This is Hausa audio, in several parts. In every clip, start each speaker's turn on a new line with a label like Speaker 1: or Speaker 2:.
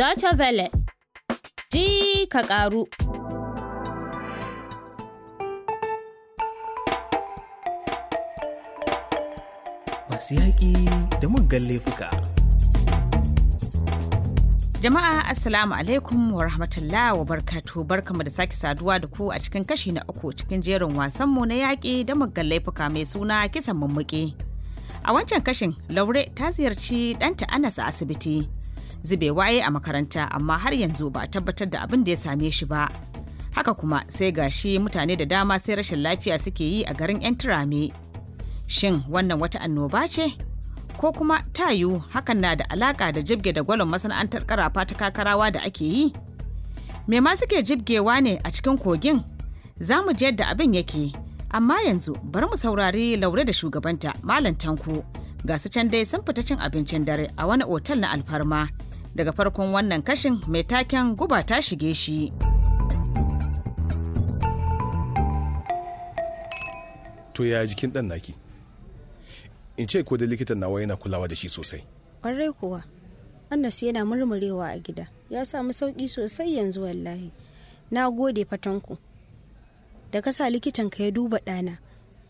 Speaker 1: Deutsche Welle ji ka ƙaru.
Speaker 2: Masu yaƙi da
Speaker 3: muggan laifuka.
Speaker 2: Jama'a Assalamu alaikum wa rahmatullah wa barkatu barkamu da sake saduwa da ku a cikin kashi na uku cikin jerin wasanmu na yaƙi da muggan laifuka mai suna kisan mummuƙi. A wancan kashin, Laure ta ziyarci ɗanta Anas a asibiti. zube waye a makaranta amma har yanzu ba a tabbatar da abin da ya same shi ba haka kuma sai gashi mutane da dama sai rashin lafiya suke yi a garin 'yan turame shin wannan wata annoba ce ko kuma tayu hakan na da alaka da jibge da gwalon masana'antar karafa ta kakarawa da ake yi me ma suke jibgewa ne a cikin kogin za mu ji yadda abin yake amma yanzu bar mu saurari laure da shugabanta malam tanko ga can dai sun fita cin abincin dare a wani otal na alfarma daga farkon wannan kashin mai taken guba ta shige shi.
Speaker 4: To ya jikin ɗan naki? In ce ko da likitan nawa yana kulawa da shi sosai.
Speaker 1: Ƙwarai kuwa, Anas yana murmurewa a gida, ya samu sauƙi sosai yanzu wallahi. Na gode fatanku. Da ka sa ka ya duba ɗana,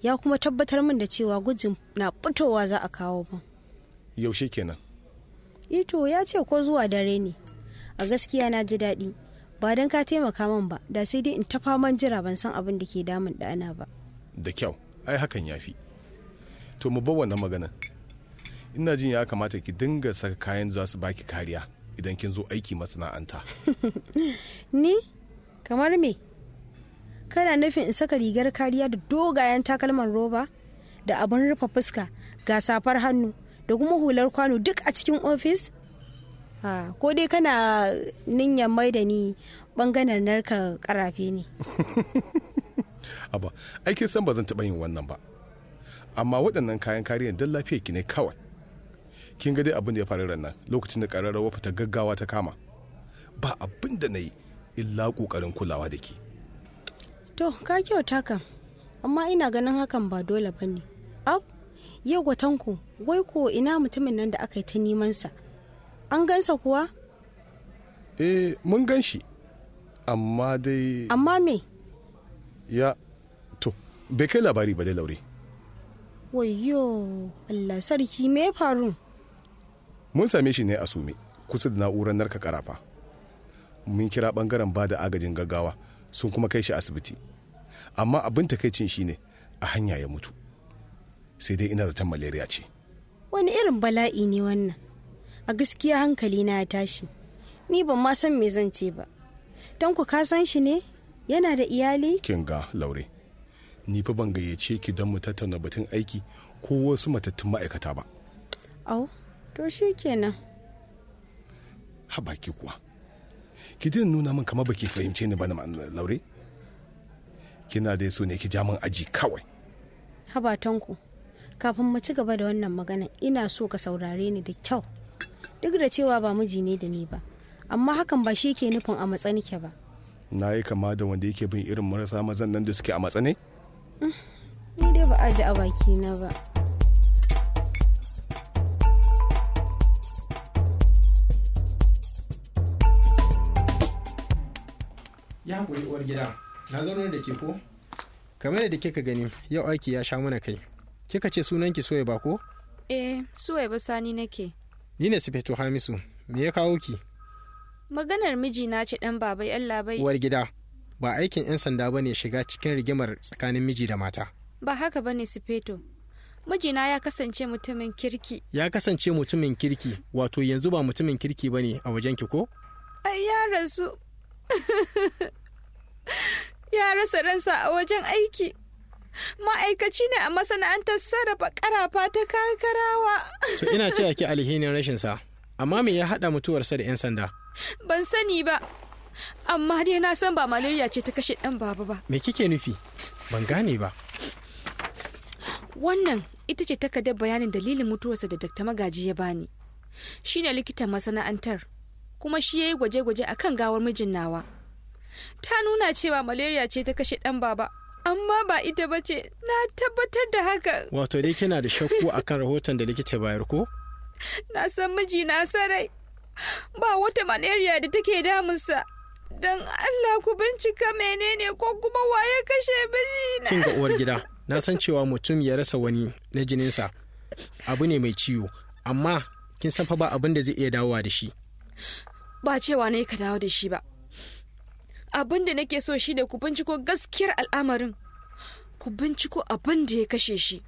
Speaker 1: ya kuma tabbatar min da cewa gujin na fitowa za a kawo min.
Speaker 4: Yaushe kenan?
Speaker 1: ito eh ya ce ko zuwa dare ne a gaskiya na ji daɗi ba don ka taimaka man ba da sai dai in ta faman jira ban san abin da ke damun ɗana ba
Speaker 4: da kyau ai hakan ya fi to mu bar wannan magana ina jin ya kamata ki dinga saka kayan za su baki kariya idan kin zo aiki masana'anta
Speaker 1: ni kamar me kana nufin in saka rigar kariya da dogayen takalman roba da abin rufe fuska ga safar hannu da kuma hular kwano duk a cikin ofis ko dai kana ninyan mai da ni bangaren narka karafe ne
Speaker 4: aikin san ba zan taɓa yin wannan ba amma waɗannan kayan kariyar don lafiyar ki ne kawai kin ga dai abin da ya faru nan lokacin da ƙararrawa fita gaggawa ta kama ba abin da na yi illa ƙoƙarin kulawa da ke
Speaker 1: to ka kyauta kan amma ina ganin hakan ba dole ba ne yau gwatanku wai ko ina mutumin nan da aka yi ta nemansa an gansa kuwa
Speaker 4: eh mun gan shi amma dai amma me ya to bai kai labari ba dai laure
Speaker 1: wayo allah sarki me faru
Speaker 4: mun same shi ne a sume kusa da na'urar narka karafa mun kira bangaren ba da agajin gaggawa sun kuma kai shi asibiti amma abin takaicin shine a hanya ya mutu sai dai ina zaton malaria ce
Speaker 1: wani irin bala'i ne wannan a gaskiya hankali na ya tashi ni ban ma san me zan ce ba tanku ka san shi ne yana da iyali
Speaker 4: kinga laure ni fa ban gayyace ki don mu tattauna batun aiki ko wasu matattun ma'aikata ba
Speaker 1: au to shi kenan
Speaker 4: habaki kuwa ki din nuna min kamar baki fahimce ni ba na laure kina dai so ne ki ja min aji kawai
Speaker 1: haba tanku. kafin mu ci gaba da wannan magana ina so ka saurare ni da kyau duk da cewa ba miji ne da ni ba amma hakan ba shi ke nufin a matsanike ba
Speaker 4: na yi kama da wanda yake bin irin marasa mazan nan da suke a matsane
Speaker 1: mm, ni dai ba a ji a baki na ba ya kuri
Speaker 5: uwar gida na zaunar da ke ko kamar da kika gani yau aiki ya sha mana kai Kika ce sunanki soya ba ko?
Speaker 6: Eh, soya ba sani nake.
Speaker 5: Ni ne Sufeto Hamisu, me ya kawo ki?
Speaker 6: Maganar mijina ce ɗan babai, Allah bai. Uwar
Speaker 5: gida, ba aikin 'yan sanda ba ne shiga cikin rigimar tsakanin miji da mata.
Speaker 6: Ba haka ba ne Sufeto. Mijina ya kasance mutumin kirki.
Speaker 5: Ya kasance mutumin kirki, wato yanzu ba mutumin kirki ba ne a wajenki ko?
Speaker 6: Ai ya rasu. ya rasa ransa a wajen aiki. ma'aikaci ne a masana'antar sarrafa karafa ta kakarawa.
Speaker 5: To ina ce ake alhinin rashin sa, amma me ya haɗa mutuwarsa da 'yan sanda?
Speaker 6: Ban sani ba, amma dai na san ba malaria ce ta kashe ɗan baba ba.
Speaker 5: Me kike nufi? Ban gane ba.
Speaker 6: Wannan ita ce takardar bayanin dalilin mutuwarsa da Dr. Magaji ya bani. Shi ne likitan masana'antar, kuma shi ya yi gwaje-gwaje a kan gawar mijin nawa. Ta nuna cewa malaria ce ta kashe ɗan baba. amma ba ita ba ce na tabbatar da haka
Speaker 5: wato dai kina da shakku akan rahoton da likita bayar ko
Speaker 6: na san miji na sarai ba wata malaria da take damunsa don allah ku bincika menene ko kuma waye kashe mijina kin ga
Speaker 5: uwar gida na san cewa mutum ya rasa wani na jininsa abu ne mai ciwo amma kin san fa ba abin da zai iya dawowa da shi
Speaker 6: ba cewa ne ka dawo da shi ba abin da nake so shi shine ku binciko gaskiyar al'amarin ku binciko abin da ya kashe shi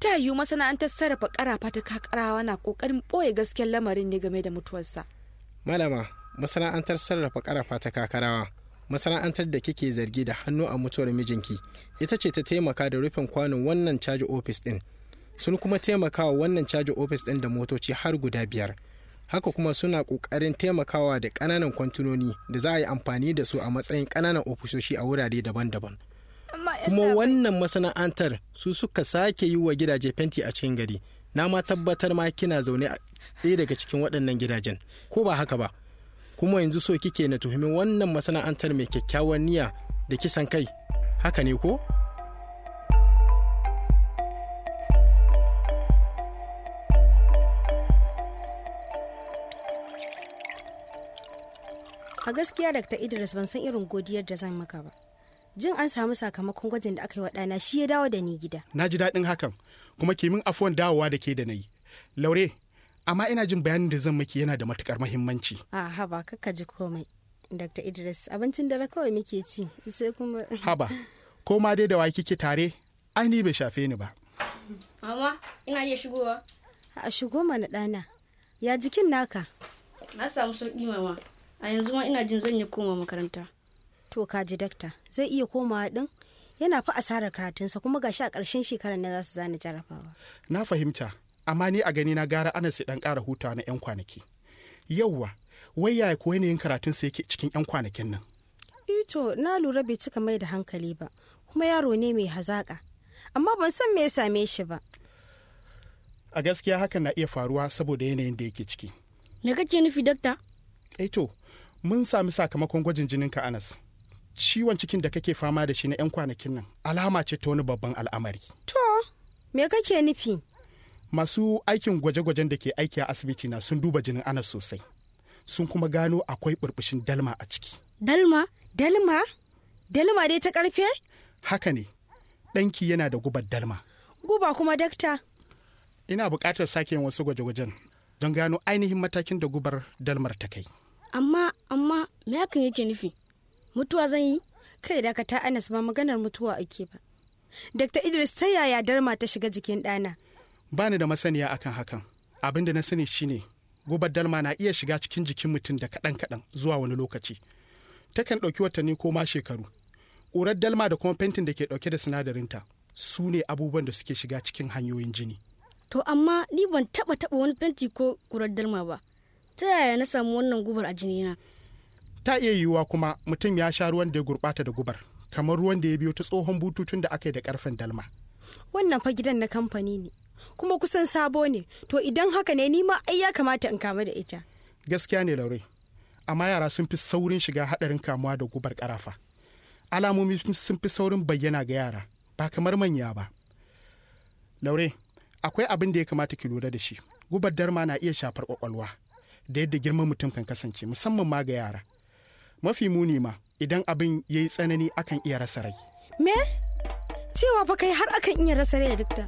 Speaker 6: ta yiwu masana'antar sarrafa karafa ta kakarawa na kokarin ɓoye gaskiyar lamarin ne game da mutuwarsa
Speaker 5: malama masana'antar sarrafa karafa ta kakarawa masana'antar da kike zargi da hannu a mutuwar mijinki ita ce ta taimaka da rufin kwanon wannan caji ofis din sun kuma taimaka wa wannan caji ofis din da motoci har guda biyar haka kuma suna ƙoƙarin taimakawa da ƙananan kwantunoni da za a yi amfani da su a matsayin ƙananan ofisoshi a wurare daban-daban kuma wannan masana'antar su suka sake yi wa gidaje fenti a cikin gari na ma tabbatar ma kina zaune a daga cikin waɗannan gidajen ko ba haka ba kuma yanzu so kike na tuhumin wannan masana'antar mai kyakkyawan niyya da kisan kai haka ne ko
Speaker 1: a gaskiya dr idris ban san irin godiyar da zan maka ba jin an samu sakamakon gwajin da aka yi wa ɗana shi ya dawo da ni gida
Speaker 3: na ji daɗin hakan kuma kimin afuwan dawowa da ke da na yi laure amma ina jin bayanin da zan maki yana da matukar mahimmanci
Speaker 1: a haba kakka ji komai dr idris abincin dare kawai muke ci sai kuma haba
Speaker 3: ko ma dai da wa kike tare ainihi bai shafe ni ba
Speaker 1: mama ina iya shigowa a shigo mana ɗana ya jikin naka na samu sauƙi mama a yanzu ma ina jin zan yi koma makaranta to ka ji dakta zai iya komawa din yana fa asarar karatunsa kuma gashi a ƙarshen shekarar na za su zana jarabawa
Speaker 3: na fahimta amma ni a gani na gara ana sai dan ƙara hutawa na yan kwanaki yauwa wai yaya ko yanayin karatunsa yake cikin yan kwanakin nan
Speaker 1: eh to na lura bai cika mai da hankali ba kuma yaro ne mai hazaƙa amma ban san me ya same shi ba
Speaker 3: a gaskiya hakan na iya faruwa saboda yanayin da yake ciki me kake nufi dakta eh to mun sami sakamakon gwajin jininka anas ciwon cikin da kake fama da shi na 'yan kwanakin nan alama ce ta wani babban al'amari to
Speaker 1: me kake nufi
Speaker 3: masu aikin gwaje-gwajen da ke aiki a asibiti na sun duba jinin anas sosai sun kuma gano akwai burbushin dalma a ciki
Speaker 1: dalma dalma
Speaker 3: dalma dai ta karfe haka ne danki yana da gubar dalma guba kuma dakta ina buƙatar sake wasu gwaje-gwajen don gano ainihin matakin da gubar dalmar ta kai
Speaker 1: amma amma me hakan yake nufi mutuwa zan yi kai dakata anas ba maganar mutuwa ake ba dr idris ta yaya darma ta shiga jikin ɗana
Speaker 3: ba ni da masaniya akan hakan abin da na sani shine gubar dalma na iya shiga cikin jikin mutum da kaɗan kaɗan zuwa wani lokaci takan ɗauki watanni ko ma shekaru ƙurar dalma da kuma fentin da ke ɗauke da sinadarinta su ne abubuwan da suke shiga cikin hanyoyin jini
Speaker 1: to amma ni ban taɓa taɓa wani fenti ko ƙurar dalma ba ta yaya na samu wannan gubar a jinina
Speaker 3: ta iya yiwuwa kuma mutum ya sha ruwan da ya gurɓata da gubar kamar ruwan da ya biyo ta tsohon bututun da aka yi da karfin dalma
Speaker 1: wannan fa gidan na kamfani ne kuma kusan sabo ne to idan haka ne ni ma ai ya kamata in kama da ita
Speaker 3: gaskiya ne laure amma yara sun fi saurin shiga haɗarin kamuwa da gubar karafa alamomi sun fi saurin bayyana ga yara ba kamar manya ba laure akwai abin da ya kamata ki lura da shi gubar darma na iya shafar kwakwalwa da yadda girman mutum kan kasance musamman ma ga yara mafi muni ma idan abin ya yi tsanani akan iya rasa rai
Speaker 1: me cewa fa kai har akan iya rasa rai duk da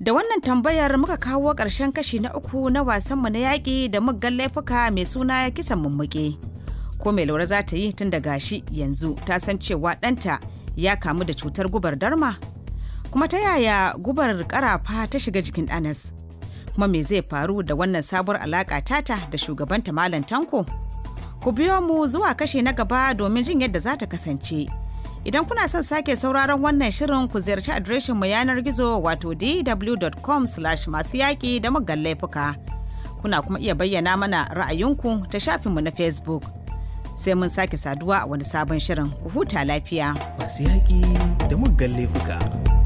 Speaker 2: Da wannan tambayar muka kawo ƙarshen kashi na uku na wasanmu na yaƙi da muggan laifuka mai suna kisan mummuke. ko mai laura za ta yi tun daga shi yanzu ta san cewa ɗanta ya kamu da cutar gubar darma kuma ta yaya gubar karafa ta shiga jikin ɗanas kuma me zai faru da wannan sabuwar alaƙa tata da shugabanta malam tanko ku biyo mu zuwa kashe na gaba domin jin yadda za ta kasance idan kuna son sake sauraron wannan shirin ku ziyarci adireshin mu yanar gizo wato dw.com masu yaƙi da muggan laifuka kuna kuma iya bayyana mana ra'ayinku ta shafinmu na facebook sai mun sake saduwa a wani sabon shirin ku huta lafiya.
Speaker 3: Masu yaƙi da muggan laifuka.